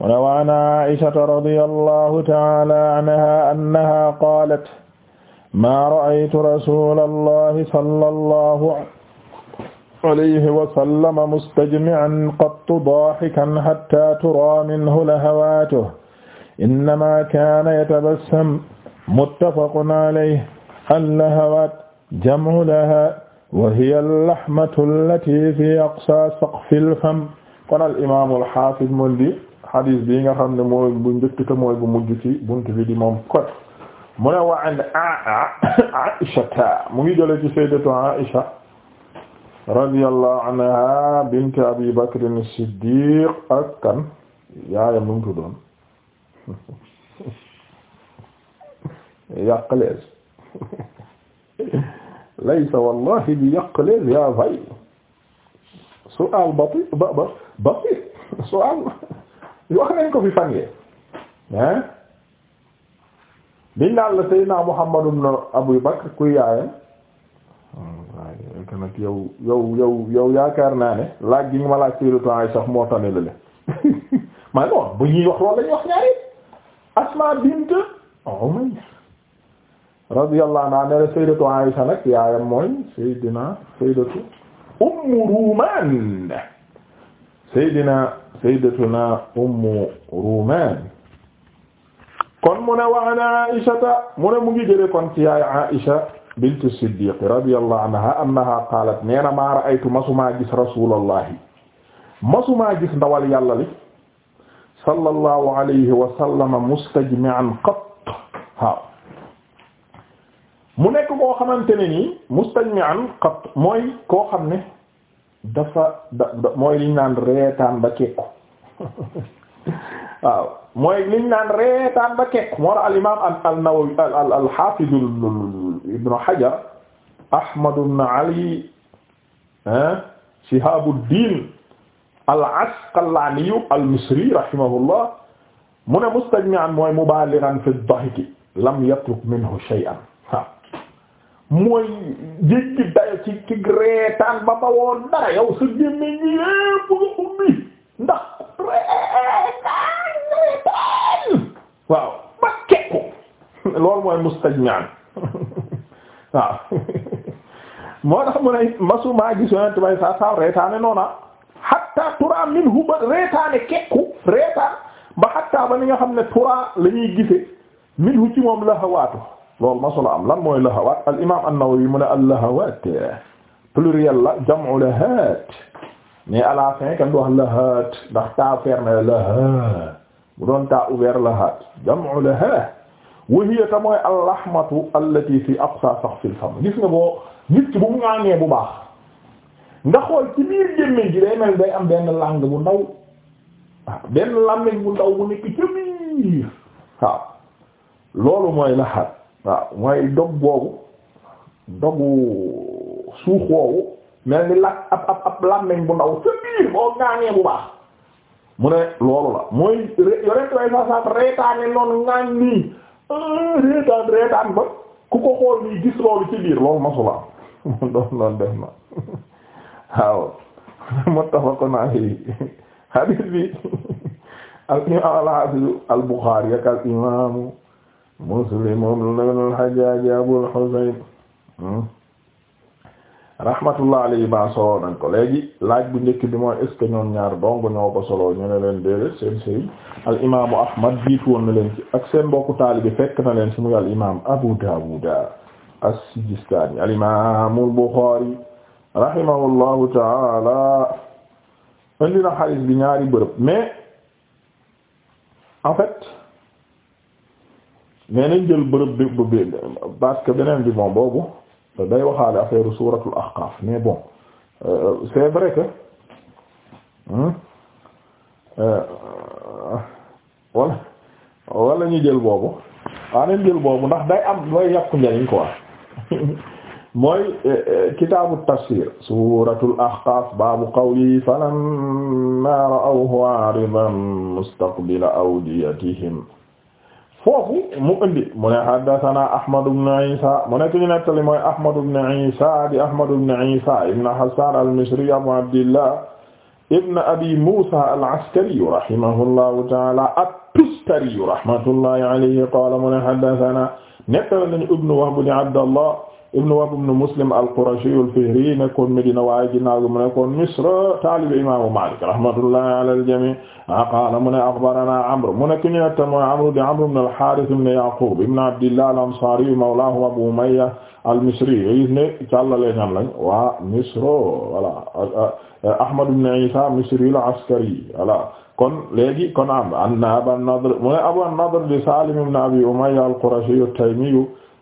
mu ne wa an aishata radiyallahu ta'ala anha annaha qalat ma ra'aytu rasulallahi sallallahu alayhi wa sallam mustajmi'an qattu daahikan hatta turaa minhu lahawaatuhu innamaa kaana yatabassam muttafaqun alayhi allahawaat jam'u lahaa wa hiya al-lahmatu allatii fii aqsaa saqfil fam kon al-imaam al-haafiz xadiis bi nga xam ne mooy bu njëkk te mooy bu mujj ci buntu bi di moom kot mu ne wa an Aisha mu ngi jële ci sayyidatu Aisha radiyallahu anha bint Abi Bakr as-Siddiq ak kan yaayam mu ngi tuddoon Yaqlees laysa wallahi bi Yaqlees yaa fay su'aal bati ba ba bati su'aal wax nañ ko fi fan yee hein biñ naan la Seydina Muhammadu ibn Abu Bakr kuy yaayam hmm, waaye que yow yow yaakaar naa ne laaj gi nga ma laaj Sayyidatu moo tane la le maa ngi bu ñuy wax loolu lañuy wax ñaari Asma bint Umayr la Sayyidatu Aisha nag yaayam mooy sayyidatuna ummu ruumaan kon mu ne wa an aishata mu ne mu ngi jële kon ci yaay aisha bintu siddiq radiyallahu anha annaha qaalat neena maa ra'aytu masumaa gis rasulallahi masumaa gis ndawal yàlla li sallallahu alayhi wa sallama mustajmi'an qatt waaw mu nekk koo xamante ne nii mustajmi'an qatt mooy koo xam ne dafa da mooy liñ naan reetaan ba kekku waaw mooy liñ naan reetaan ba kekku moo ra al imam an-Nawawi al hafiz ibn Hajar Ahmad ibn Ali eh, Shihabuddin al-Asqalani al-Misri rahimahullah mu ne mustajmi'an mooy mubalighan fi ad-dahiki lam yatruk minhu shay'an mooy jéggi dayo ci ci reetaan ba ba woon dara yow sa gémmiñ gi yépp nga ndax reetaan reetaan waaw ba kekku loolu mooy mustajñaan waaw moo tax mu ne masumaa gis yonent bay saa saa reetaane noona hatta tura minhu ba reetaane kekku reetaan ba hatta ba ni nga xam ne tura lañuy ñuy gise minhu ci moom la hawaatu loolu masula am lan mooy lahawaat al imam an-Nawawi mu ne al lahawaat pluriel la jam'u lahaat mais à la fin kenn du wax lahaat ndax taa fermé lahaa bu doon taa ouvert lahaat jam'u lahaa wa hiya ta mooy al lahmatu fi aqsa saqfil fam nga boo nit bu mu ŋaangee bu baax nga xool ci biir gémmiñ gi day mel day am benn langue bu ndaw ah, benn làmmiñ bu ndaw bu nekk ci biir waaw loolu mooy lahaat waaw mooy dog boobu dogu suux woowu mel ni lak ab ab ab làmmeñ bu ndaw sa biir boo ngaanee bu mu ne loolu la mooy yonent way sa sat reetaane noonu ngaan nii ah, reetaan reetaan ba ku ko xool nii gis loolu ci biir loolu masula am doon loolu def na waaw muttafaqun alayhi hadith bi al imam al hafiz al Bukhari yak al imaamu Muslim ibnul Hajjaaj Abul Husayn hmm? rahmatullah alayhi ba solo nañ ko léegi laaj bu njëkk bi mooy est ce ñaar dong ñoo ko solo ñu ne leen déedéet seen sëriñ al imaamu Ahmad jiitu na leen ci ak seen mbokku taalibi fekk na leen ci muy al imaam Abu Daawud as-Sijistaani al imaamul Buxaari rahimahullahu taala indi na xadiis bi ñaari bërëb mais en fait. mais nañ jël bërëb bi parce que beneen bi bon boobu day waxaale affaire suuratul ahqaaf mais bon euh, c'est vrai que hmm, euh, wala wala ñu jël boobu waa nañ jël boobu ndax day am mooy yàqu njariñ quoi mooy euh, kitaabu tafsir suuratul ahqaaf baabu qawli aw ra'awhu aaridan mustaqbila awdiyatihim foofu mu indi mu ne haddathana Ahmad ibn Isa mu nekk ñu nettali mooy Ahmad ibn Isa di Ahmad ibn Isa ibn Hassan al-Misri Abu Abdillah ibn Abi Musa al-Askari rahimahullahu ta'ala at-Tustari rahmatullahi alayhi qala mu ne haddathana nettali nañu ibn Wahb ibn Abdallah ibn Wahb ibn Muslim al-Qurashi al-Fihri nekkoon Medina waaye ginnaaw gi mu nekkoon Misra taalibe imaamu Maalik rahmatullahi ala al-jamii' ah, qaala mu ne axbaranaa Amr mu nekk ñu nekk mooy Amr di Amr ibn al-Haarith ibn Yaquub ibn Abdillah al-Ansaari mawlaahum Abu Umayya al-Misri yooyu ne càllale ñan lañ waa Misra voilà Ahmad ibn Isa Misri al-Askari voilà kon léegi kon am an Abu an-Nadr mu ne Abu an-Nadr di Saalim ibn Abi Umayya al-Qurashi at-Taymi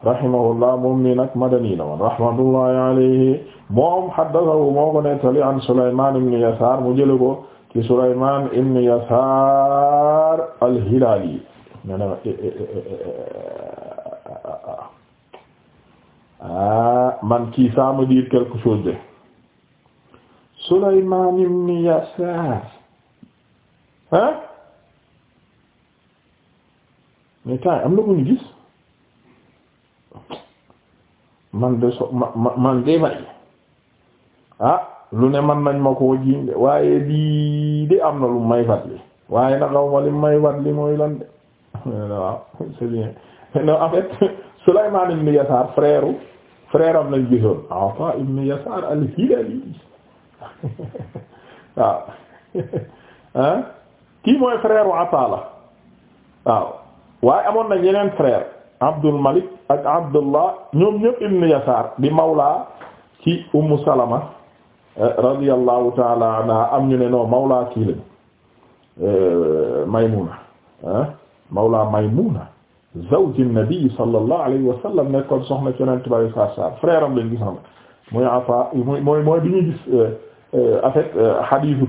rahimahullah moom nii nag madani la woon rahmatullahi alayhi moom haddathahu moo ko nettali an Sulaymaan ibn Yasaar mu jële ko ci Sulaymaan ibn Yasaar al-Hilaali man kii ça me dire quelque chose de Sulaymaan ibn Yasaar hein mais temps am na ko ñu gis man de so ma man de may ah lu ne man nañ ma koo jiinde waaye lii de am na lu may wat li waaye na ma li may wat li mooy lan de waaw c'est bien non en fait Sulaymaan ibn Yasaar frère frère am nañ gisoon Ata ibn Yasaar al-Hilali waaw ah kii mooy frère u la waaw waaye amoon nañ yeneen frère Abdul Malik ak abdullah ñoom ñëpp ibn yasaar di mawla ci ummu salama eh, radiyallahu taala anha am ñu ne non mawla kii lañ eh, maymuna ah maymuna zawji nabi alayhi wa sallam nekkoon soxna ci yonent bi sar sar frère gis na muy afa muy mooy bi ñu gis en fait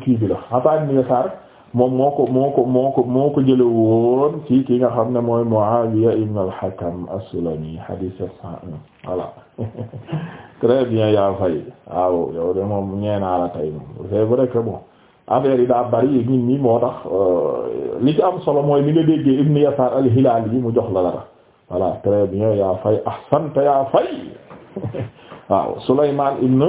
kii bi la afa ibn yasaar moom moo ko moo ko moo ko moo ko jële woon ci ki nga xam ne mooy Muawiya ibn al-Hakam as-Sulami hadith sept cent un voilà très bien yaa fay waaw yow de moom ñeenaa la tey moom c'est vrai bon affaire yi daa bari nit ñi moo tax euh, li ci am solo mooy mi nga déggee Ibn Yasar al-Hilali yi mu jox la dara voilà très bien yaa fay ahsanta yaa fay waaw Sulayman ibn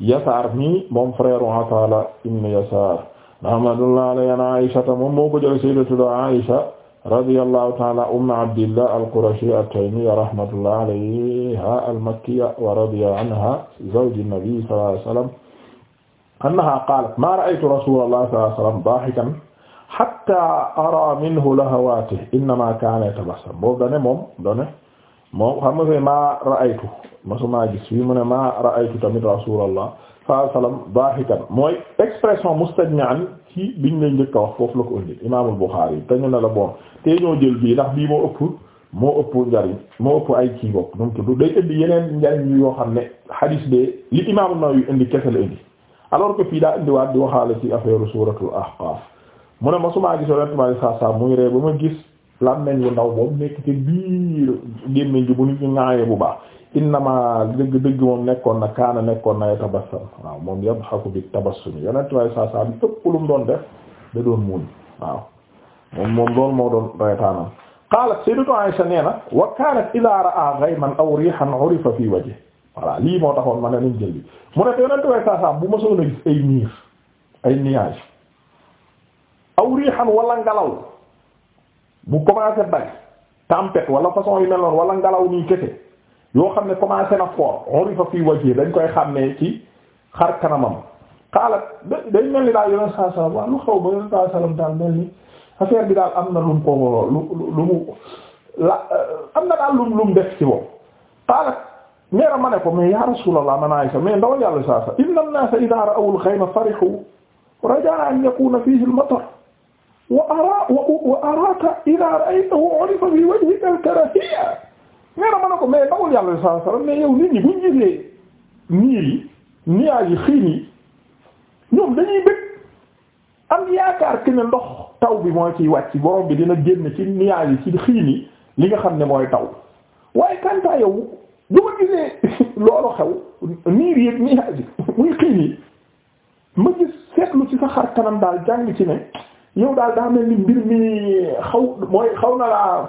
Yasar mi moom frère Atala ibn Yasar rahmatullah alayhi an Aysata moom moo ko jël sayyidatuna Aysa radiyallahu ta'ala ummu Abdillah al-Qurashiyya at-Taymiyya rahmatullah alayha al-Makkiyya wa radiya anha zawji an-nabi sallallahu alayhi wa sallam annaha qaalat maa ra'aytu rasuulallahi sallallahu alayhi wa sallam daahikan hatta ara minhu lahawaatihi innamaa kaana yatabassam boobu dane moom dane moom xam nga maa ra'aytu masumaa gis fii mu ne maa ra'aytu tamit rasuulallah sallallahu alayhi wa sallam daahikan mooy expression mustajmi'an ci biñ lay njëkk a wax foofu la ko indi imaamul Buxaari te ñu ne la bon te ñoo jël bii ndax bii moo ëpp moo ëpp njariñ moo ëpp ay kii bopp nu mu tudd day indi yeneen njariñ yoo xam ne hadis de li imaamu Nawawi indi kese la indi alors que fii daa indiwaat di waxaale ci affaire suuratul Ahqaaf mu ne ma su maa gis yonent bi sallallahu alayhi muy ree ba ma gis. làmmeñ bu ndaw moom nekk ci biir gémmiñ ji bu nit ñu ŋaaye bu baax innama dëgg dëgg moom nekkoon na kaana nekkoon na yatabassam waaw moom yadhaku bi tabassum yonent waaye saa saa doon def da doon muuñ waaw moom loolu moo doon reetaanam qaalat sayyidatu Aisha nee na wa kaanat idha ra'a ghayman aw rihan 'urifa fi wajhi voilà lii moo taxoon ma ne nañ jël bi mu nekk yonent waaye bu ma soona gis ay niir ay nuages aw rihan wala ngelaw mu commencé bari tempête wala façon yu mel wala ngelaw nii kese yoo xam ne commencé na fort on fa fii wajee dañ koy xàmmee ci xar kanamam xaalat dañ mel ni daal yoneen saa sallam lu xaw ba yoneen saa sallam daal mel ni affaire bi daal am na lum ko lu lu mu la am na daal lum lum def ci moom xaalat neera ma ne ko mais ya rasulallah man Aysa mais ndawal yàlla saa sa inna an-naasa idha ra'aw al-ghayma farihu rajaa an yakuna fihi al-matar wa ara wa araaka idaa ra'aytahu urifa fi wajhika al-karahiyya nee na ma ne ko mais dawul yàlla sallallahu alayhi wasallam mais yow nit ñi buñ gisee niir yi nuages yi xiin yi ñoom dañuy bëgg am yaakaar ki ne ndox taw bi mooy ciy wàcc borom bi dina génn ci nuages yi ci xiin yi li nga xam ne mooy taw waaye kantaa yow bu ma gisee loolu xew niir yi nuages yi muy xiin yi ma gis seetlu ci sa xar kanam daal jàng ci ne yow daal daa mel ni mbir mi xaw mooy xaw na laa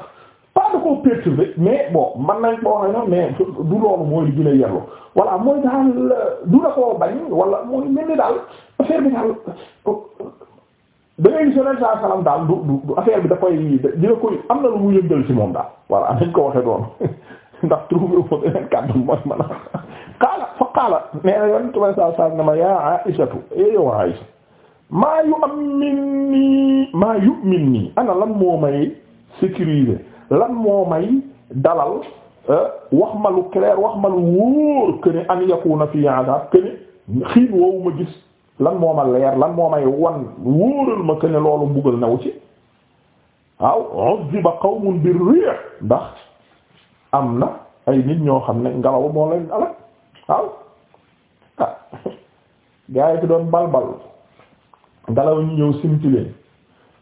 pas de ko perturbé mais bon man nañ ko waxee noonu mais du loolu mooy li gën a yellu voilà mooy daal du la koo bañ wala mooy mel ni daal affaire bi daal da ngay gis saa salaam daal du du bi da koy dina koy am na lu mu yëngal si moom daal voilà nañ ko waxee doon ndax trouvé wu ma beneen kàddu mooy man a xaala fa xaala mais yow saa saa ne ma yaa Aïsatu eh yow Aïsatu maa yu am min nii maa yu min nii ana lan moo may sécuriser lan moo may dalal euh, wax ma lu clair wax ma lu wóor que ne an yakuna fi adab que ne xiin woowu ma gis lan moo ma leer lan moo may wan wóoral ma que loolu mbugal new ci waaw uzziba qawmun bir rih ndax am na ay nit ñoo xam ne ngelaw moo leen alal waaw ah gars yi fi doon balbal ngelaw ñu ñëw simti leen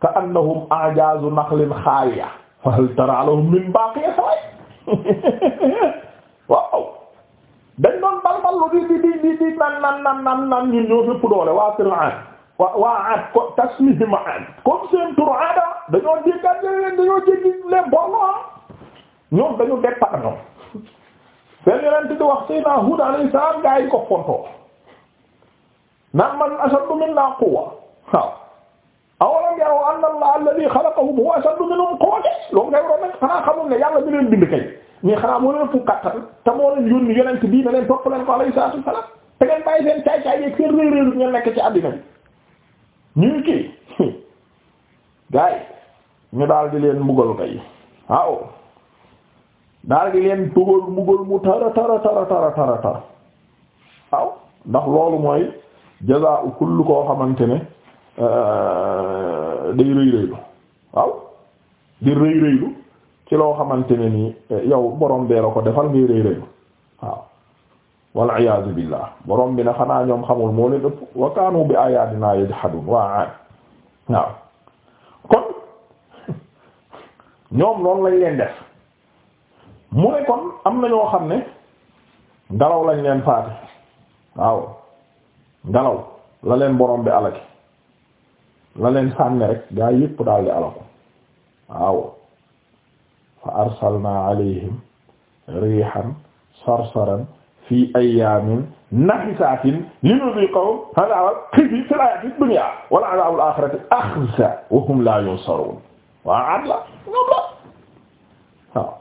ka annahum a'jaazu naqlin xaaliya fa hal tara min baaqiya saway waaw dañ doon balballu di di di di di nan nan nan nan nan ñun ñoo waa Fir'aun waa waa Aad ko tasmihim Aad comme seen tur Aada dañoo jéggat leen dañoo jéggi leen borno ñoom dañu départ ñoom seen yeneen di wax Seydina Huud alayhi salaam gaa ko fontoo naan man ashaddu minna quwwa waaw awalam yaraw anna allah alladhi xalaqahum huwa ashaddu minhum quwwatan loolu ngay waroon nag xanaa xamul ne yàlla mi leen bind kay mais xanaa moo leen fu kattan te moo leen yónni yonent bii na leen topp leen ko alayhi salaatu wasalaam te ngeen bàyyi seen caay-caay yeeg seen réer réeru ngeen nekk ci àddina bi ñu kii gars yi daal di leen mbugal kay waaw daal di leen tugal mbugal mu tara tara tara tara tara waaw ndax loolu mooy jazaa'u kullu koo xamante ne Euh, day rëy rëylu waaw di rëy rëylu ci loo xamante ne nii eh, yow borom bee la ko defal ngay rëy rëylu waaw wal iyaazu billah borom bi na xanaa ñoom xamul moo leen ëpp wa kaanu bi ayatina yajhadun waa waaw kon ñoom loolu lañ leen def mu kon am na ñoo xam ne ngelaw lañ leen faate waaw ngelaw la leen borom bi alaki la leen sànni rek gaa yépp daal di ala ko waaw fa arsalna alayhim rihan sarsaran fi ayyamin nahisatin linuziqahum azabal khizi fil hayatid dunya wal azabul akhirati akhza wa hum la yunsarun waa at la ñoom la waaw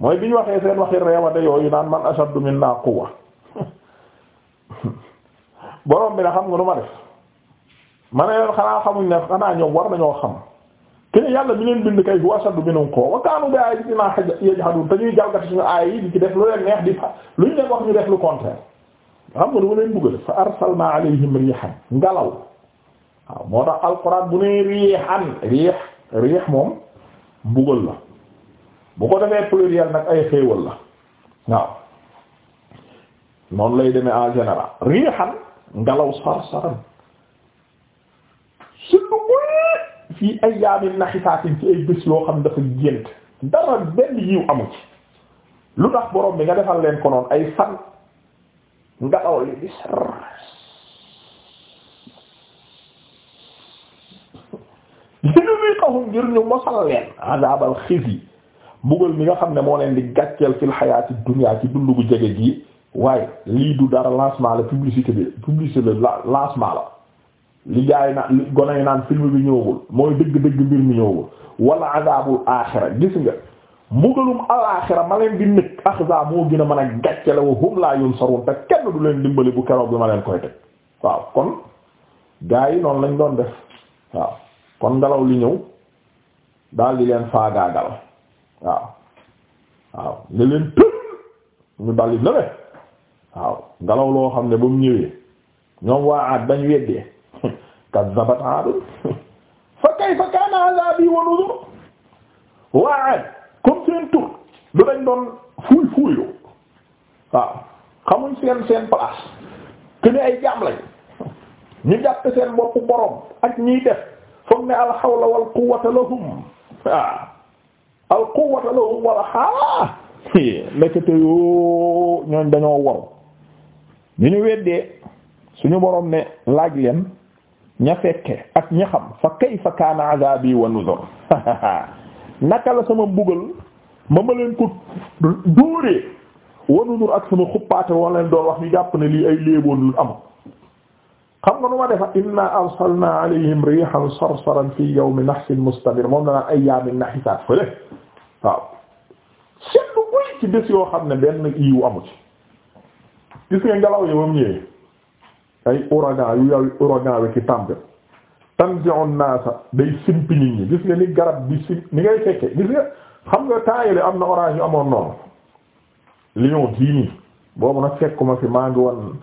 mooy biñ waxee seen waxi reewade yooyu naan man ashaddu minna quwwa borom bi na xam nga nu ma def ma ne leen xanaa xamuñ ne xanaa ñoom war nañoo xam te yàlla mi leen bind kay bu asadu bi nañ koo wa kaanu bi aayaatinaa yajhaduun te ñuy jalgati suñu aaya yi di ci def lu leen neex di fa luñ leen wax ñu def lu contraire. xam nga lu ma leen bëgg fa arsalnaa alayhim riihan ngelaw waaw moo tax alxuraan bu nee riihan ko defee pluriel ay xéewal la waaw noonu lay demee en fii ayyaamin nahisaatin ci ay bés loo xam dafa gént dara benn yiw amu ci lu tax borom bi nga defal leen ko noonu ay fan ngelaw li di sar yéen muy xaw ngir ñu mosal leen azabal xizi mbugal mi nga xam ne moo leen di gàcceel fil xayaati dunya ci dundu bu jege gi waaye lii du dara lancement la publicité bi publicité la lancement la. li gaay na li yi naan film bi ñëwul mooy dëgg-dëgg mbir mi ñëwul wala azabul aaxira gis nga mbugalum alaaxira ma leen di nekk axza moo gin a mën a gàccale wa hum laa yunsarun te kenn du leen dimbali bu keroog bi ma leen koy teg waaw kon gaay yi noonu lañ doon def waaw kon ngelaw li ñëw dal di leen faagaagal waaw waaw ne leen tëb ñu daldi na le waaw ngelaw loo xam ne ba mu ñëwee ñoom waa at dañ weddee kazzabat aadun fa kayfa kaana azaabi waa aad comme seen tur du dañ doon fuuy fuuyu waaw xamuñ seen seen place que ay jaam lañ ñu jàpp seen bopp borom ak ñiy def foog ne al wal quwwata lahum al quwwata lahum wal hawla nekkate yoo ñooñ dañoo waru ñu ñu weddee suñu borom ne laaj leen ña fekke ak ña xam fa kayfa kaana azabi wa nuzur naka la sama mbugal ma ma leen ko dóoree wa ak sama xuppaate wala leen wax ni jàpp ne lii ay léeboon lu am xam nga nu ma defa inna arsalna alayhim rihan sarsaran fi yawmi nahsin mustadir moom danaa ayyamin nahisaat fële waaw seetlu boy yoo xam ne benn yiwu ngelaw yi ay ouragan yu yaw ouragan wi ci naasa day simpi nit gis nga ni garab bi sim ni ngay fekke gis nga xam nga taayale am na orage yu amoon noonu Lyon gii nii boobu nag fekkuma fi maa ngi woon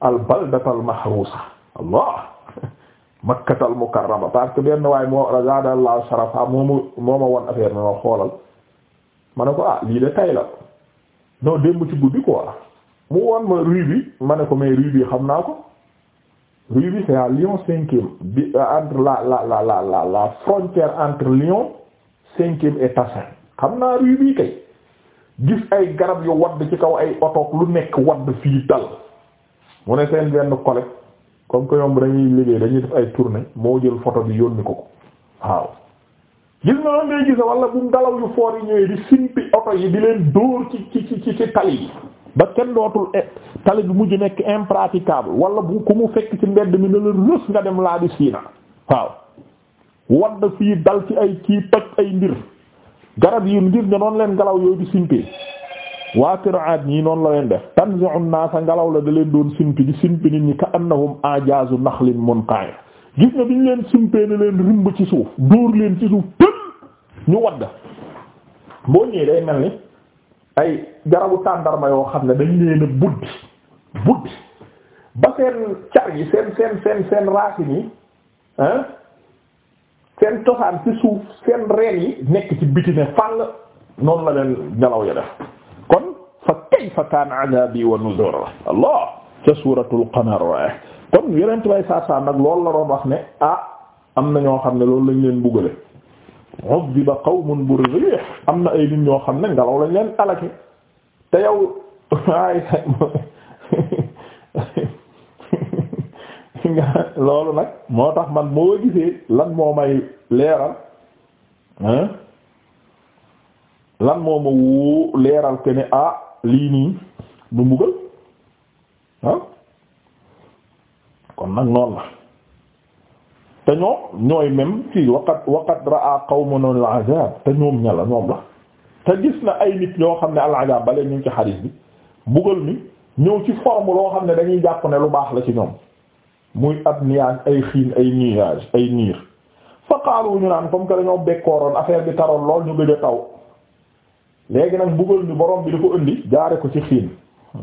al baldatal mahrusa allah makkatal mukarrama moo ma won affaire ma xoolal ma ne ko ah lii de tay la non ci guddi quoi mu won ma rue ma ne ko mais rue xam naa ko rue bi c'est à Lyon cinquième bi euh, entre la la la la la la frontière entre Lyon cinquième et Tassin xam naa rue kay gis ay garab yu wadd ci kaw ay otoog lu nekk wadd fii dal mu ne seen benn collègue comme que ñoom dañuy liggéey dañuy def ay tournée moo jël photo bi yónni ko ko waaw gis nga ngay gisa wala bu ngelaw yu foor yi ñëwee di simpi oto yi di leen dóor ci ci ci tali yi ba kenn dootul e, tali bi mujj nekk impraticable wala bu ku mu fekk ci mbedd mi ne la rës nga dem laa di siina waaw wadd fii dal ci ay kii toj ay mbir garab yi ngir ne noonu leen ngelaw yooyu di simpee waa kër aad ñii noon la leen def tanzi'u naasa ngelaw la da leen doon simpi di simpi nit ñi ka annahum ajaazu naxlin munqa'ir gis nga bi ñu leen simpee ne leen rimb ci suuf dóor leen ci suuf tël ñu wadd boo ñëwee day mel ni ay garabu tàndarma yoo xam ne dañ leen a buddi buddi ba seen car yi seen seen seen seen racines yi seen cosaan ci suuf seen reen yi nekk ci biti ne fàll noonu la leen ngelaw ya def kon fa kayfa kaana adabi wa nuzur allah ca suuratul qamar waaye kon yeneen bay saar saar nag loolu la doon wax ne ah am na ñoo xam ne loolu lañ leen buggale uddiba qawmun bi riix am na ay nit ñoo xam ne ngelaw lañ leen alake te yow loolu nag moo tax man moo gisee lan moo may leeral hein lan moom ma woo leeral ke ne ah, lii nii du mbugal ah kon nag noonu la te ñoom ñooy même fii waqad waqad raa qawmun al-azab te ñoom ña la ñoom la te gis na ay nit ñoo xam ne al-azab bale ñu ngi ci xaris bi mbugal mi ñëw ci forme loo xam ne dañuy jàpp ne lu baax la ci ñoom muy ab nuage ay xiin ay nuage ay niir fa qaalu ñu naan comme que dañoo bekkooroon affaire bi taroon lool ñu gëj a taw léegi nag mbugal mi borom bi da ko indi jaare ko ci xiin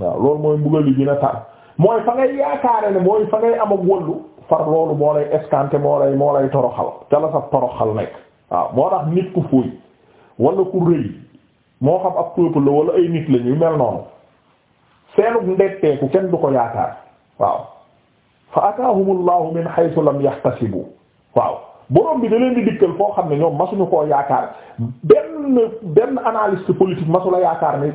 waaw loolu mooy mbugal yi dina tar mooy fa ngay yaakaare ne mooy fa ngay am ak wëllu far loolu moo lay escanté moo lay moo lay toroxal ca la sa toroxal nekk waaw moo tax nit ku fuuy wala ku rëy moo xam ak peuple la wala ay nit la ñuy mel noonu seenug ndetteeku kenn du ko yaakaar waaw fa ataahumullahu min haythu lam yahtasibu waaw borom bi da leen di dikkal foo xam ne ñoom masuñu koo yaakaar benn benn analyste politique masula yaakaar ne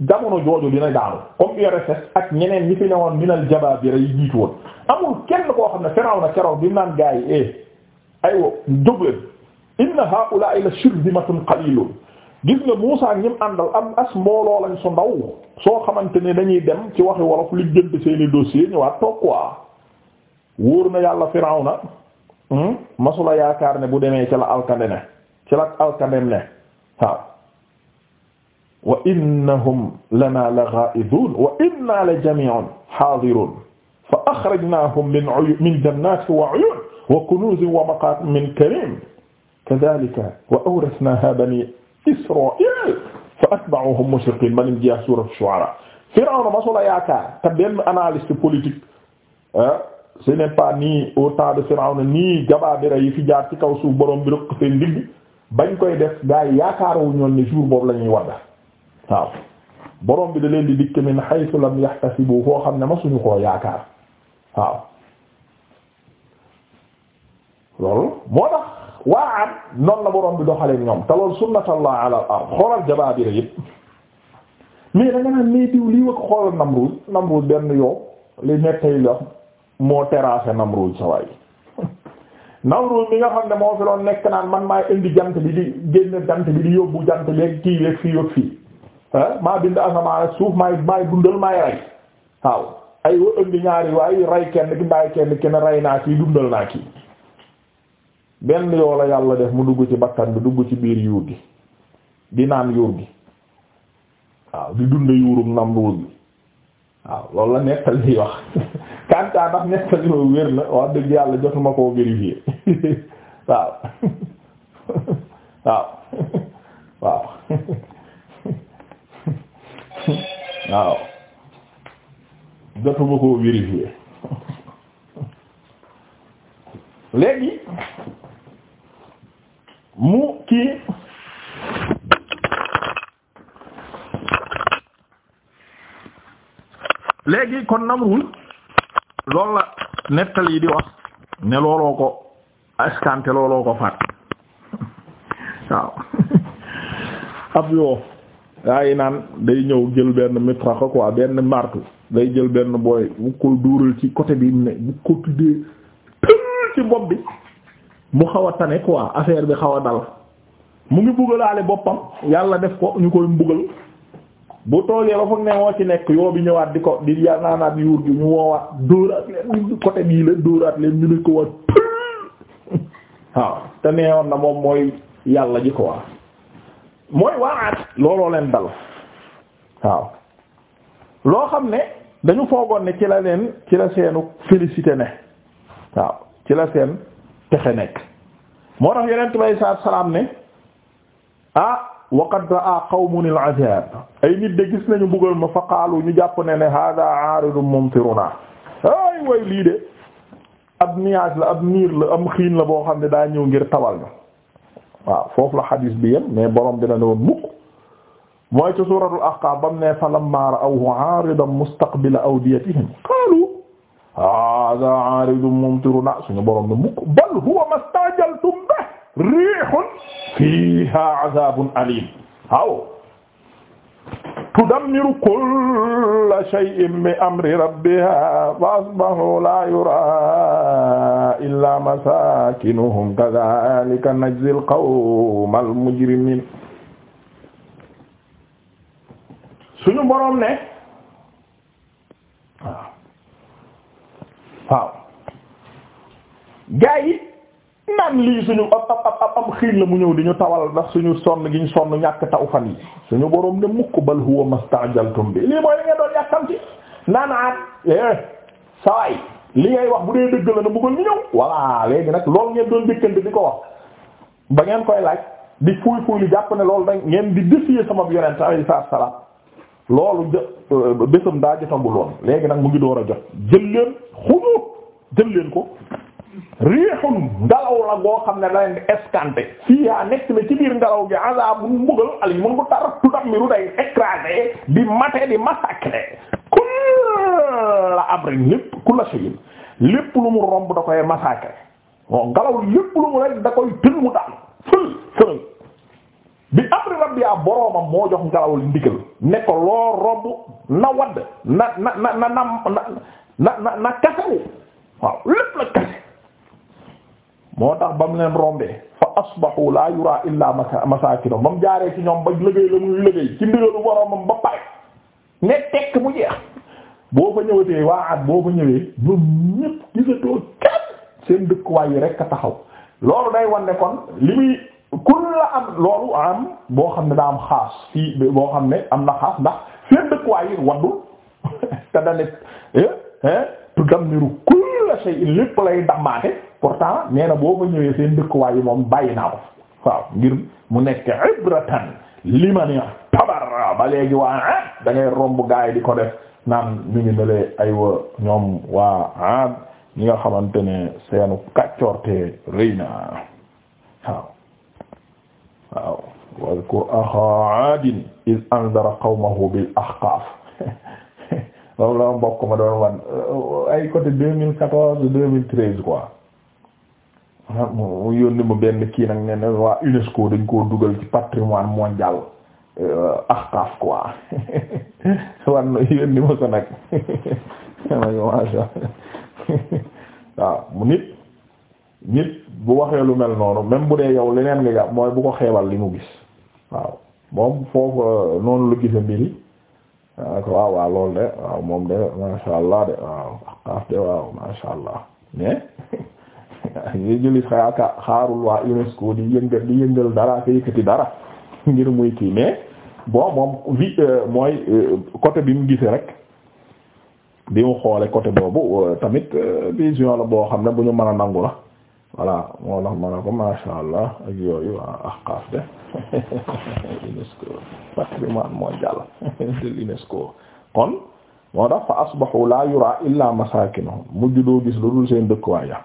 jamono jooju dina daanu comme URSS ak ñeneen ñi fi newoon minal jabaabira yi jiitu woon amul kenn koo xam ne Firawna keroog bi naan gaa yi eh aywa jóg leen inna haa'ulaa'i la shirzimatun qaliilun gis nga Muusaa ñim àndal am as mbooloo lañ su ndaw soo xamante ne dañuy dem ci waxi wolof li jënd seeni dossier ñëwaat toog quoi wóor na yàlla Firawna hmm, masula yaakaar ne bu demee ci la alkande ne ci la alkandem ne waaw wa innahum lana la ghaa'idun wa inna la jami'un haadirun fa akhrajnahum min uyun min jannatin wa uyun wa kunuzin wa maqamin karim kadhalika wa awrasnaha bani isra'il fa atba'uhum mushriqin ba nim jeex suuratu shu'ara Firawna ma sula yaakaar te benn analyste politique ah ce n'est pas ni au temps de Firawna nii gabaabira yi fi jaar ci kaw suuf borom bi rëq seen digg bañ koy def gaa yi yaakaar wu ñoon ne jour boobu la ñuy wadda waaw borom bi da leen di dikk min haythu lam yahtasibu foo xam ne ma suñu koo yaakaar waaw loolu moo tax waa am noonu la borom bi doxalee ñoom te loolu sunnatallah ala al ard xoolal jabaabira yëpp mais da nga naan mais diw lii wax xoolal Namruud Namruud benn yow li nekkay la moo terrassé Namruud sa waay Namruud mi nga xam ne moo fi doon nekk naan man maay indi jant bi di génn jant bi di yóbbu jant bi ak kii ak fii ak fii. maa bind asamaan ak suuf maay maay dundal maay rey waaw ay wa indi ñaari waay rey kenn ki mbaay kenn kenn rey naa kii dundal naa kii benn yoo la yàlla def mu dugg ci bakkan bi dugg ci biir yuur gi di naan yuur gi waaw di dund yuurum Namruud bi waaw loolu la nettal yi wax kantaa ndax nettal yoo wér na wax dëgg yàlla jotuma koo vérifier waaw waaw waaw waaw jotuma koo vérifier léegi mu kii léegi kon Namrud loolu la nettal yi di wax ne looloo ko askante looloo ko faat waaw ab yoo waaye naan day ñëw jël benn mitraxa quoi benn martu day jël benn booy bu ko dóoral ci côté bi ne bu ko tuddee ci bopp bi mu xaw a tane quoi affaire bi xaw a dal mu ngi bugalaale boppam yàlla def ko ñu koy mbugal bu toogee ba foog ne moo ci nekk yoo bi ñëwaat di ko di yàlla naanaat yuur gi ñu woowaat dóoraat leen côté bii la dóoraat leen ñu ne ko waat waaw te neewoon na moom mooy yàlla ji quoi. mooy waaraat looloo leen dal waaw loo xam ne dañu foogoon ne ci la leen ci la seenu félicité ne waaw ci la seen texe nekk moo tax yonent bi alayhi salaatu salaam ne ah waqad ra'a qawmun al-'adhab ay nit de gis nañu mbugal ma fa qaalu ñu jàpp ne ne hada 'aaridun mumtiruna ay way lii de ab nuage la ab niir la am xiin la boo xam ne daa ñëw ngir tawal na waaw foofu la xadiis bi yem mais borom dina ne woon mukk mooy ci suuratul ahqaaf bam ne falammaa ra'awhu aaridan mustaqbila awdiyatihim qaalu haadha aaridun mumtirunaa suñu borom ne mukk bal huwa mastajaltum bihi riihun fiihaa azaabun aliim waaw tudammiru kulla shay'in bi amri rabbiha fa asbahu la yura illa masakinuhum kadhalika najzi al-qawma al-mujrimin suñu boroom ne waaw waaw gaa yi naan lii suñu ab ab am xiin la mu ñëw di ñu tawal ndax suñu sonn gi ñu sonn ñàkk taw fan yi suñu boroom ne mukk bal huwa mastajaltum bi lii mooy li nga doon yàkkamti naan aat eh, sawaay li ngay wax bu dee dëgg la na bëggoon ñu ñëw voilà léegi nag loolu ngeen doon dëkkante di ko wax ba ngeen koy laaj di fuuy fuuy li jàpp ne loolu da ngeen di défier sama yonent alayhi salaam loolu jë euh, bésam daa jotangu loon léegi nag mu ngi door a jot jël leen xudu leen ko riixun ngelaw la boo xam ne da leen di escanté fiiha nekk na ci biir ngelaw gi azabun mbugal alimun bu tar tudammiru day écrasé di maté di massacré kulla abrin lépp lu mu romb da koy massacré bon ngelaw lépp lu mu rek da koy moo jox ngelaw li ndigal ne ko loo romb na wadd na na na na na na waaw lépp la kase moo tax ba mu leen rombee fa asbahu la yura illa masaakino ba mu jaaree ci ñoom ba liggéey la muy liggéey ci ndigalu boromam ba pare ne tekk mu jeex boo fa ñëwatee waa at boo fa ñëwee ñoom ñépp gisatoo kenn seen dëkkuwaay yi rek a taxaw loolu day wan kon li muy kun am loolu am boo xam ne daa am xaas fii boo xam ne am na xaas ndax seen dëkkuwaay yi waddul te da ne eh eh tudammiru kulla shay'in lépp lay damaate pourtant nee na boo ñëwee seen dëkkuwaay yi moom bàyyi naa ko waaw ngir mu nekk ibratan limani tabar ba léegi waa ah romb gaay di ko def naan ñu ngi nelee aywa ñoom waa ah ñi nga xamante ne seenu kàccoorte rëy na waaw waaw wazkur akha aadin iz anzara bil ahqaf loolu la mbokk ma doon wan ay côté 2014 2013 quoi Ah, mu yónni ma benn kii nag ne ne waa UNESCO dañ koo dugal ci patrimoine mondial euh, ahqaf quoi wan yónni ma ko nag waaw mu nit nit bu waxee lu mel noonu même bu dee yow leneen nga jàpp mooy bu ko xeebal li mu gis waaw moom foofu euh, noonu la gisa mbiri ah, waaw waaw loolu de waaw moom de masha allah de waaw ahqaf de waaw masha allah mais ñuy jëli xaaka xaarul waa UNESCO di yëngal di yëngal dara ka yëkkati dara ngir muy kii mais moom euh, mooy euh, côté bi mu gisee rek bi mu xoole côté boobu euh, tamit vision la boo xam ne bu ñu man a nangu la voilà moo tax mën a ko masha Allah ak yooyu waa ahqaf de UNESCO patrimoine mondial de l'UNESCO kon moo tax fa asbahu la yura illa mujj doo gis lu dul seen dëkkuwaay ya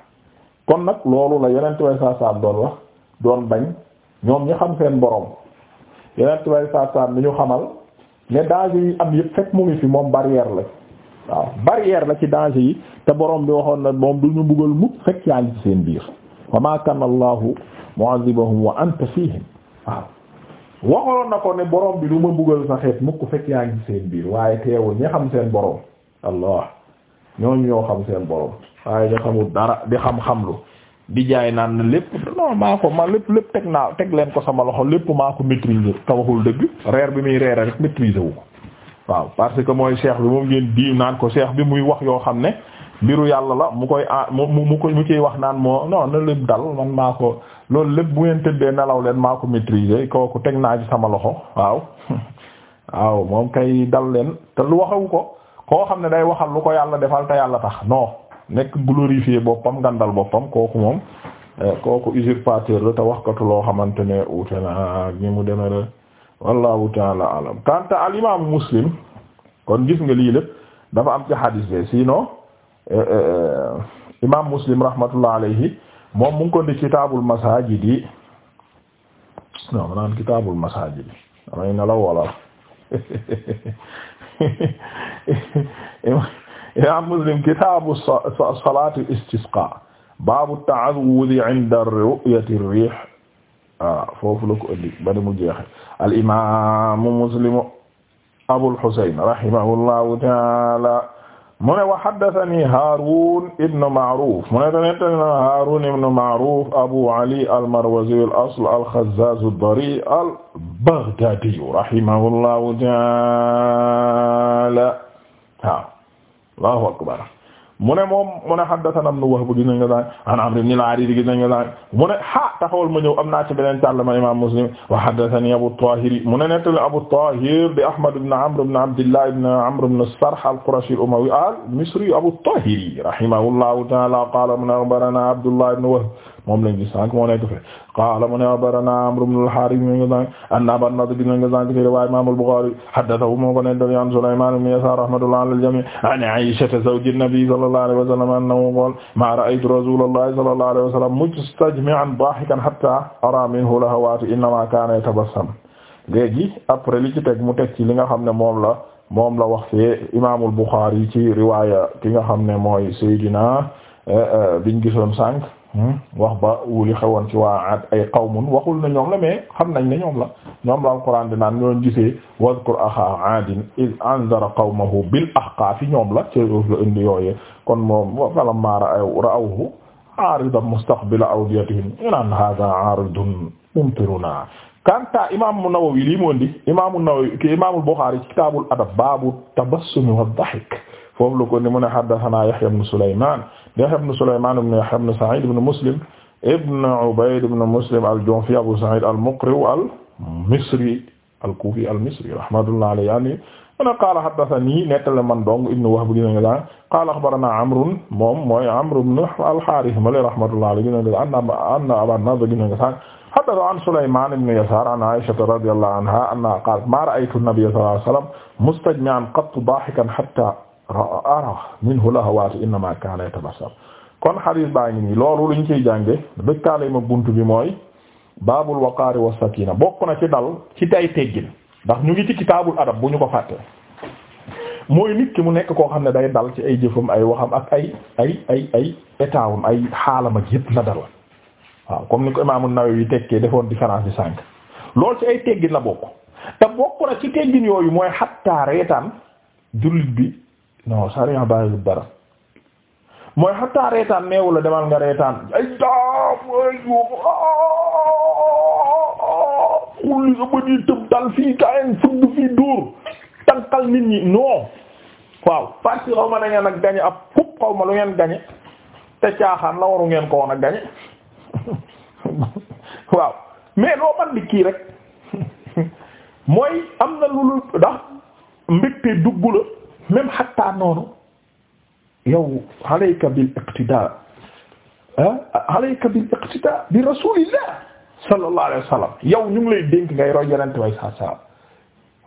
kon nag loolu la yeneen way saa saam doon wax doon bañ ñoom ñu xam seen borom yeneen way saa saam ñu xamal ne danger yi am yëpp fekk mu ngi fi moom barrière la waaw barrière la ci danger yi te borom bi waxoon na moom du ñu buggal mukk fekk yaa ngi ci seen biir wa ma kana allahu mu'adhibahum wa anta fihim waaw waxoon na ko ne borom bi du ma buggal sa xeet mukk fekk yaa ngi seen biir waaye teewul ñi xam seen borom allah ñooñu ñoo xam seen borom waaye ñu xamul dara di xam-xam lu di jaay naan na lépp non maa ko ma lépp lépp teg naa teg leen ko sama loxo lépp maa ko maîtriser te waxul dëgg reer bi muy reere rek maîtriser wu ko waaw parce que mooy cheikh bi moom ngeen di naan ko cheikh bi muy wax yoo xam ne mbiru yàlla la mu koy ah, mu mu ko mu ciy wax naan moo non na lépp dal man maa ko loolu lépp bu ngeen tëddee nelaw leen maa ko maîtriser kooku teg naa ci sama loxo waaw waaw moom ko. koo xam ne day waxal lu ko yàlla defal te yàlla tax non nekk glorifier boppam ngandal boppam kooku moom eh, kooku usurpateur la te waxkatu loo xamante ne wuute na ñi mu deme la wallahu taala alam kanta al imaamu muslim kon gis nga lii lépp dafa am ci hadis be sinon eh, eh, imam muslim rahmatullah alayhi moom mu ko di kitaabul masaajidi non ma naan kitaabul masaajidi damay nelaw wala imam Muslim kitaabu salaatil istisqaa baabu ta'awwudi 'inda ru'yati riih ah foofu la ko indi ba mu jeexee al imaamu Muslim Abul Husayn rahimahullahu ta'ala mu ne wa haddathani Haarun ibn Ma'ruf mu ne tanetana Haarun ibn Ma'ruf Abu Ali al-Marwazi al-asl al-Khazzaz ad-Dari al-Baghdadi rahimahullahu ta'ala Allahu akbar mu ne moom mu ne haddathana ibn Wahb gis nañ ko daal an Amr ibn al-Harith gis nañ ko daal mu ne ha taxawal ma ñëw am naa ci beneen tàll ma imam Muslim wa haddathani Abu Tahir mu ne nettali Abu Tahir di Ahmad ibn Amr ibn Abdillah ibn Amr ibn as-Sarh al-Qurashi al-Umawi al-Misri Abu Tahir rahimahullahu ta'ala qala mu ne akhbarana Abdullah ibn Wahb moom lañ gis sànq moo nekk fe qaala mu ne abarana Amr ibn al-Harith mi nga sànq anna ban nat bi na nga sànq fi riwaaya Imam al-Bukhari haddathahu moo ko nettali an Sulayman ibn Yasar rahmatullahi ala al-jami' an Aisha zawj an-nabi sallallahu alayhi wa sallam annahu qala ma ra'aytu rasulallahi sallallahu alayhi wa sallam mustajmi'an dahikan hatta ara minhu lahawati innama kana yatabassam léegi après li ci teg mu teg ci li nga xam ne moom la moom la wax fee Imam al-Bukhari ci riwaaya ki nga xam ne mooy Seydina eh, eh, biñ gisoon sànq Hmm? wax ba wuli xewoon ci waa Aad ay qawmun waxul na ñoom la mais xam nañ ne ñoom la ñoom la alquran di naan ñoo gisee wazkur axaa aadin iz anzara qawmahu bil ahqaafi ñoom la ci la indi yooyee kon moom falammaa ra'awhu aaridan mustaqbila awdiyatihim inaan haazaa aaridun mumtirunaa kanta imaamu Nawawi lii moo di imaamu Nawawi ki imaamu Buxaari ci kitaabul adab baabu tabassum wa dhahik foofu la ko ni mu ne haddathanaa Yahya ibn Sulaymaan Yahya ibn Sulaymaan ibn Yahya ibn Sa'iid ibn Muslim ibn Ubayd ibn Muslim al-Ju'fi Abu Sa'iid al-Muqri al-Misri al-Kufi al-Misri rahmatullahi alayhi yaani man qaala haddathanii nettale man dong ibn Wahb gina nga qaala akhbaranaa Amrun moom mooy Amr ibn al-Haarith ma lay rahmatullahi alayhi gina nga anna Abaa Nadr gina nga haddatha an Sulaymaan ibn Yasaar an Aa'ishata radiyallahu anhaa annahaa qaalat maa ra'aytu an-nabiyya sallallahu alayhi wa sallam mustajmi'an qattu daahikan hattaa ara minhu lahawaatu innama kaana yatabassam kon xadiis baa ngi nii loolu ñu ciy jànge dëkkaale ma bunt bi mooy baabul waqaari wa sakina bokk na ci dal ci day teggin ndax ñu ngi ci kitaabul adab bu ñu ko fàttee mooy nit mu nekk koo xam ne day dal ci ay jëfam ay waxam ak ay ay ay ay étatam ay xaala ak yëpp na dal waaw comme ni ko imaamu Nawawi tekkee defoon différence bi sànk loolu ci ay teggin la bokk te bokk na ci teggin yooyu mooy xattaa reetaan bi non sariya bàyyiwul dara mooy xataa reetaan neewu la demal nga reetaan ay daam ay xulli sa bët yi tëb dal fii kayen fëgg fii dóor tànqal nit ñi non waaw parce xaw ma da ngeen ak gañe ab fukk xaw ma lu ngeen gañe te caaxaan la waru ngeen ko woon a gañe waaw mais loo man di rek mooy am na lu lu ndax mbégte dugg la même xatta noonu yow alayka bil iqtida ah, alayka bil iqtida bi rasulillah sallallahu alayhi wa sallam yow ñu ngi lay dénk ngay roy yonent way saa saa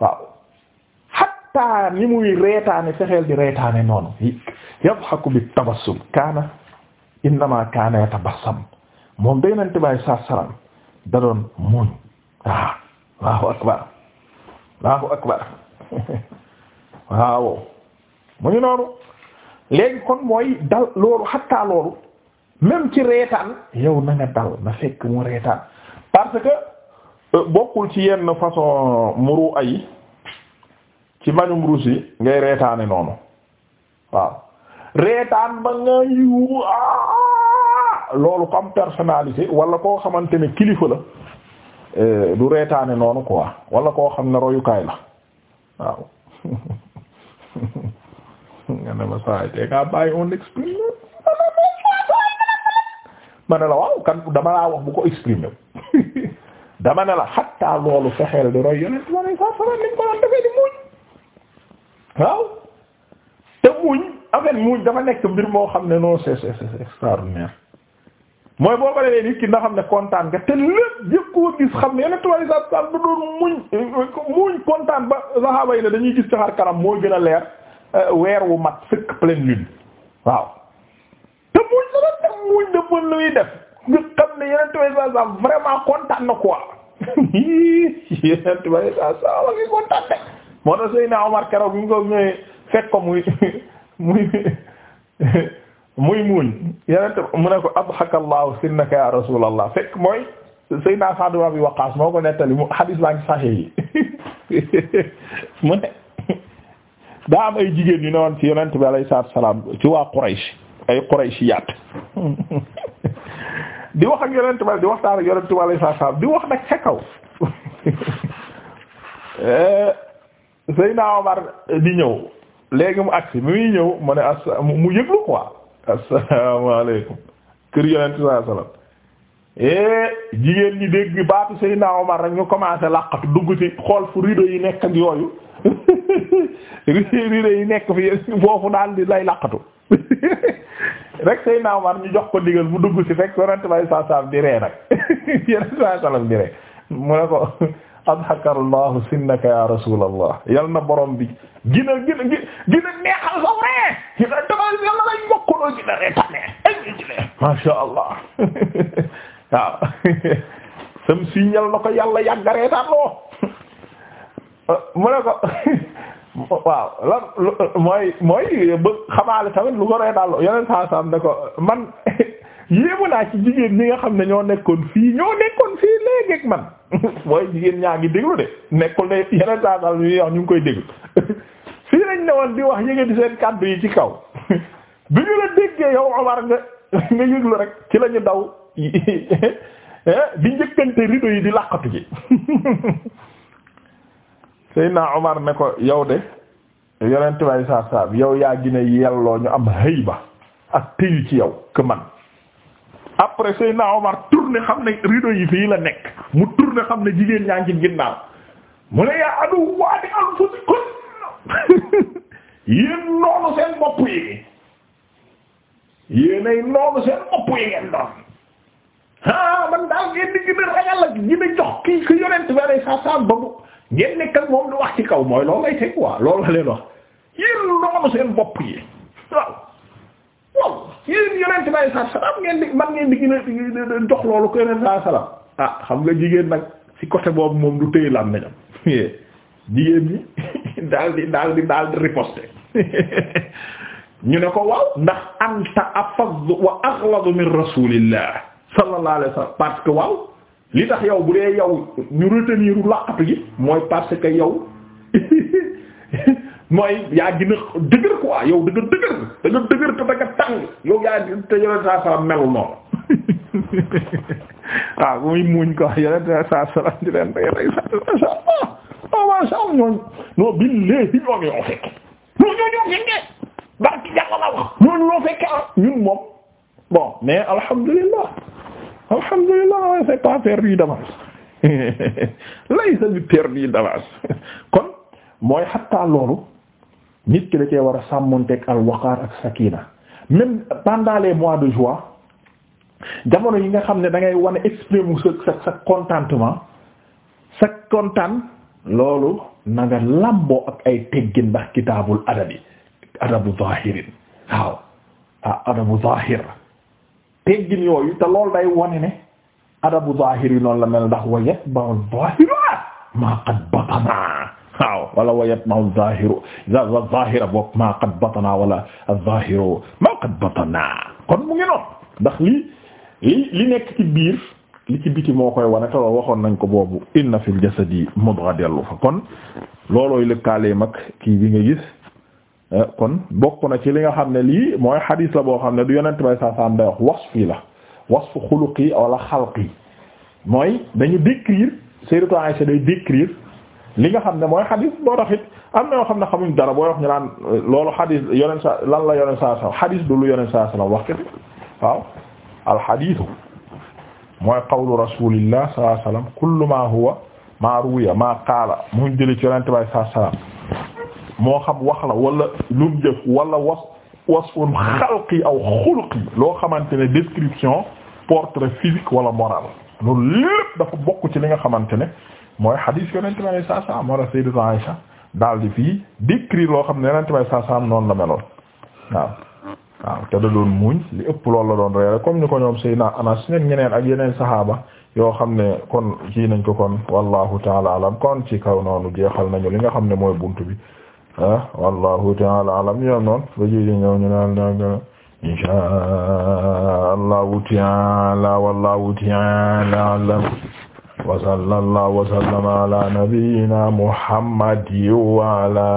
waaw xatta ni muy reetaane fexeel di reetaane noonu yadhaku bi tabassum kaana innama kaana yatabassam moom da yonent way saa salaam da doon muñ waaw ah, Allahu akbar Allahu akbar waaw mu ngi noonu léegi kon mooy dal loolu xattaa loolu même ci reetaan yow na nga dal na fekk mu reetaan parce que euh, bokkul ci yenn façon muru ay ci mbañum ruus yi ngay reetaane noonu waaw reetaan ba nga yu loolu comme personnalité wala koo xamante ne kilifa la euh, du reetaane noonu ko wala koo xam ne royukaay la waaw nga ne ma saa yi tey ngaa bàyyi on exprimer ma ne la waaw kan dama laa wax bu ko exprimer dama ne la xatta loolu fexeel di roy yonent ma ne saa salaam liñ ko muuñ waaw te muuñ affaire muuñ dafa nekk mbir moo xam ne non c'est c'est extraordinaire mooy boo ko defee nit ki nga xam ne kontaan nga te lépp ko gis xam ne yeneen tubaab yi sax sax du doon muñ muñ kontaan ba saxaaba yi ne dañuy gis taxar kanam moo gën a leer euh, weer wu mat sëkk pleine lune waaw te muñ ne kontaan na quoi yeneen tubaab yi sax ko ñëwee fekk ko muy muy yeneen mu ne ko adhaka Rasulallah fekk mooy. Seydina Sa'd ibn Abi Waqqas moo ko nettali mu hadis baa ngi saxe yi mu ne daa am ay jigéen yu ne woon ci yonent bi sa salaatu salaam ci waa Quraysh ay Qurayshiyaat di wax ak yonent bi di waxtaan ak yonent bi alayhi salaam di wax nag ca kaw eh, Seydina Omar di ñëw léegi mu agsi bi muy ñëw mu ne as mu yëglu quoi assalaamu alaykum kër yonent bi alayhi salaam eh jigéen ñi dégg baatu Seydina Omar rek ñu commencé làqatu dugg ci xool fu rido yi nekk ak yooyu rido yi nekk fi foofu daal di lay làqatu rek Seydina Omar ñu jox ko digal mu dugg ci fekk yonent bay saa saam di ree nag yonent bay salam di ree yal na borom bi gina gina gina neexal saw ree gina dama yàlla lañ mokkuloo gina reetane ay gina masha Allah waaw sam si ñal na ko yàlla yàggareetaan loo mu ne ko waaw lan mooy mooy ba xamaale tamit lu ko reetaan loo yeneen saa sam ne ko man yéemu naa ci jigéen ñi nga xam ne ñoo nekkoon fii ñoo nekkoon fii léegi ak man mooy jigéen ñaa ngi déglu de nekkul ne yeneen saa sam ñu wax ñu ngi koy déglu fii lañ ne woon di wax yëge di seen kàddu yi ci kaw bi ñu la déggee yow Omar nga nga yëglu rek ci lañu daw Eh, di njëkkante rido yi di làqatu ji Seydina Omar ne ko yow de yonent way saab saab yow yaa gine yelloo ñu am hayba ak téyu ci yow que après Seydina Omar tourné xam ne rido yi fii la nekk mu tourné xam ne jigéen ñaa ngi ginnaaw mu ne yaa adu waa di am fu noonu seen bopp yi yéenay noonu seen bopp yi ngeen doon ah man daal ngeen di gën a ragal ak gën jox kii ki yonent bi alayhi salaam ba mu ngeen nekk moom lu wax ci kaw mooy loolu lay teg quoi loolu la leen wax yéen noonu seen bopp man ngeen di gën ah, xam nga jigéen nag ci côté boobu moom du tëye daal di daal di daal di riposte ñu ne ko wax ndax anta afaddu wa aghladu min rasulillah sallallahu alayhi wa sallam parce que waaw li tax yow bu dee yow ñu retenir u laqatu gi mooy parce que yow mooy yaa gën a dëgër quoi yow da nga dëgër da nga dëgër te da nga tàng yow yaa te yonent saa salaam melul noonu waaw ah, muy muuñ ko yonent saa salaam di leen da ngay sa ah waaw saa ñooñu non bi léegi ñooñu ñoo fekk ñoo ñoo barki jàll la wax ñooñu ñoo fekkee ah ñun moom bon mais alhamdulillah alhamdulillah c'est pas perdu d'avance laysa bi perdu d'avance kon mooy xatta loolu nit ki da cee war a sàmmonteeg al waqaar ak sakina même pendant les mois de juin jamono yi nga xam ne da ngay wane exprimer sa sa contentement sa kontaan loolu na nga làmboo ak ay teggin ndax kitaabul adabi adabu zahirin waaw ah adabu zahir teggin yooyu te loolu day wone ne adabu zahir yi noonu la mel ndax wa yatba'u zahira maa qad batana waaw wala wa yatba'u zahiru zahira boog maa qad batana wala zahiru maa qad batana kon mu ngi noonu ndax lii li li nekk ci biir li ci biti moo koy wane te waxoon nañ ko boobu inna fil jasadi mudgha fa kon loolooy lëkkaalee mag kii bi nga gis Eh, kon bokk na ci li nga xam ne lii mooy xadiis la boo xam ne du yonent bay saa day wax wasfi la wasfu xuluqi wala xalqi mooy dañu décrire Sayyidatu Aisha day décrire li nga xam ne mooy xadiis boo taxit am na yoo xam ne xamuñ dara booy wax ñu naan eh, loolu xadiis yonent sa lan la yonent saa sa du lu yonent saa sa la wax kese waaw alxadiisu mooy qawlu rasulillah sallallahu alayhi ma huwa ma ruwiya ma qaala mu jëli ci yonent bay saa salaam moo xam wax la wala lum jëf wala was wasfun xalqi aw xuluqi loo xamante ne description portrait physique wala moral loolu lépp dafa bokk ci li nga xamante ne mooy xadiis yonente bi alayhi salaam moo tax Sayyidatu Aïsha di fii décrire xam ne yonente bi alayhi salaam noonu la meloon waaw waaw te da doon muñ li ëpp loolu la doon reere comme ni ko ñoom Seydina Anas ñeneen ñeneen ak yeneen saxaaba yoo xam ne kon kii nañ ko kon wallahu taala alam kon ci kaw noonu jeexal nañu li nga xam ne mooy bunt bi ah wallahu ta'ala alam ñoom noon bajiiji ñëw ñu naan dagana inshaa allahu ta'ala wallahu ta'ala alam wa sallallahu wa sallama ala nabiyyina muhammadin wa ala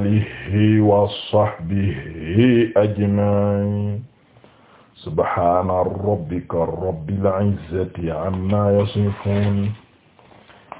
alihi wa sahbihi ajma'in subhana rabbika rabbil izzati amma yasifun